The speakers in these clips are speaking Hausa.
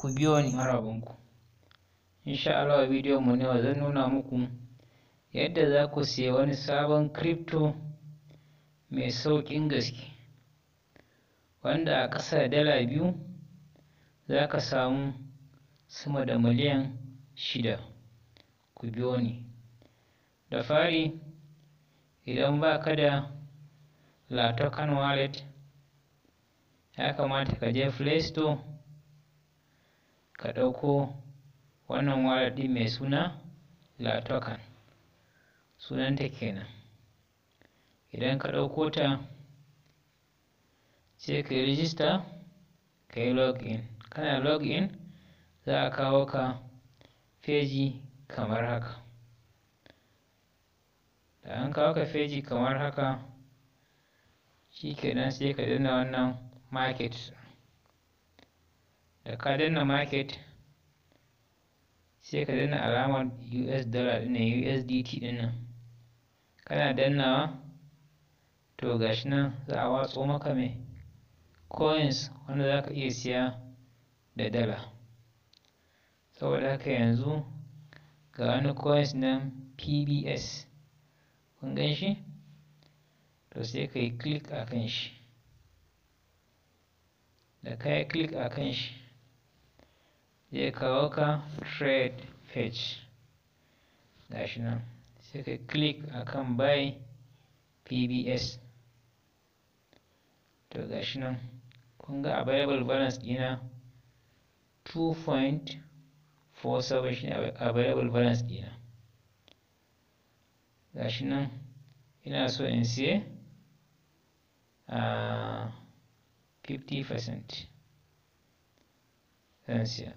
ku biyo ni harabanku insha Allah bidiyon mu ne zan nuna muku yadda za ku siya wani sabon crypto mai sauƙin gaske wanda a ƙasa dala biyu za ka samu sama da miliyan shida ku biyo ni da fari idan ba ka da latokan wallet ya kamata ka je play store ka ɗauko wannan wallet mai suna latokan sunanta kenan idan ka ɗauko ta sai ka yi rijista ka yi login kana login za a kawo ka feji kamar haka da an kawo ka feji kamar haka shi kenan sai ka danna wannan market da eh, ka danna market sai ka danna alamar us dollar nan usdt ɗin nan kana dannawa to gashi nan za a watso maka mai coins wanda za ka iya siya da dala saboda haka yanzu ga wani coins nan pbs kun gan shi to sai ka yi click a kan shi da ka yi click a kan shi zai kawo ka trade page shi nan sai ka click akan buy pbs to shi nan kun ga available balance dina 2.47 shine available balance dina shi nan ina so in siye a 50% zan siya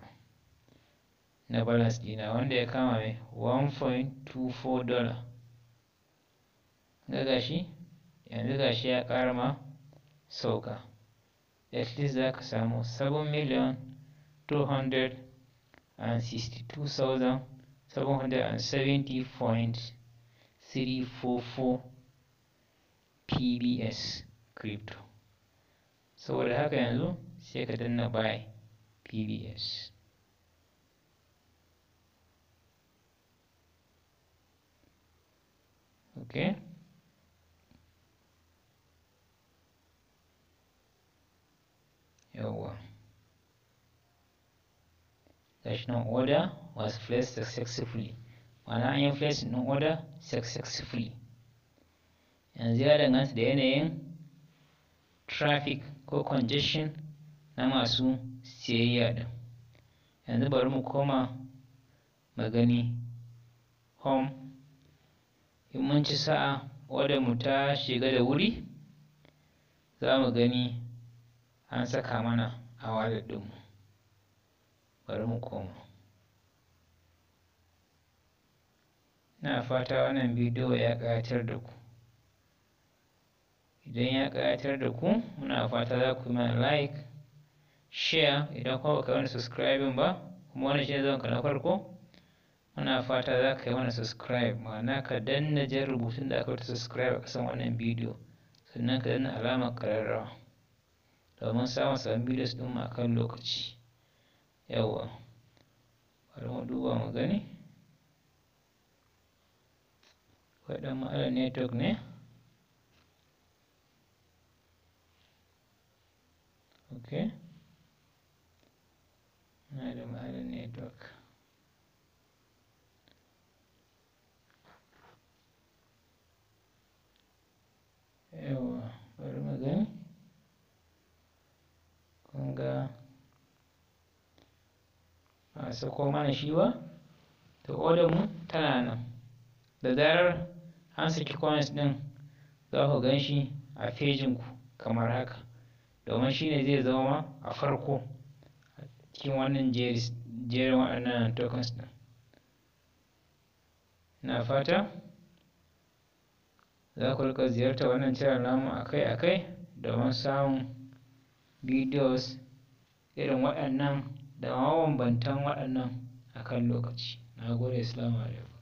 na balance ɗina wanda ya kama mai 1.24 dollar ga shi yanzu gashi ya ƙara ma sauka at least za ka samu 7 million 262,770.344 pbs crypto saboda haka yanzu sai ka danna buy pbs okay was placed successfully ma'ana an yi yanzu ya danganta da yanayin traffic ko congestion na masu siyayya din yanzu bari mu koma magani home in mun ci sa'a wadda mu ta shiga da wuri za mu gani an saka mana a wallet ɗinmu bari mu koma na fata wannan bidiyo ya ƙayatar da ku idan ya ƙayatar da ku muna fata za ku mana like share idan kuma baka wani subscribing ba kuma wani shi ne zan na farko muna fata za ka yi mana subscribe ma'ana ka danna jan rubutun da aka wata subscribe a kasan wannan bidiyo sannan ka danna alamar kararrawa domin samun bidiyo su ɗin a kan lokaci yawwa bari mu duba mu gani waɗannan ma'alar network ne ok na da ma'alar network kun ga a sako mana shi ba to order mu tana nan da zarar an saki coins din za ku gan shi a fejin ku kamar haka domin ne zai zama a farko cikin wannan jerin waɗannan tokens din na fata za ku rika ziyarta wannan channel namu akai-akai domin samun videos irin waɗannan da mabambantan waɗannan a kan lokaci na gode salamu alaikum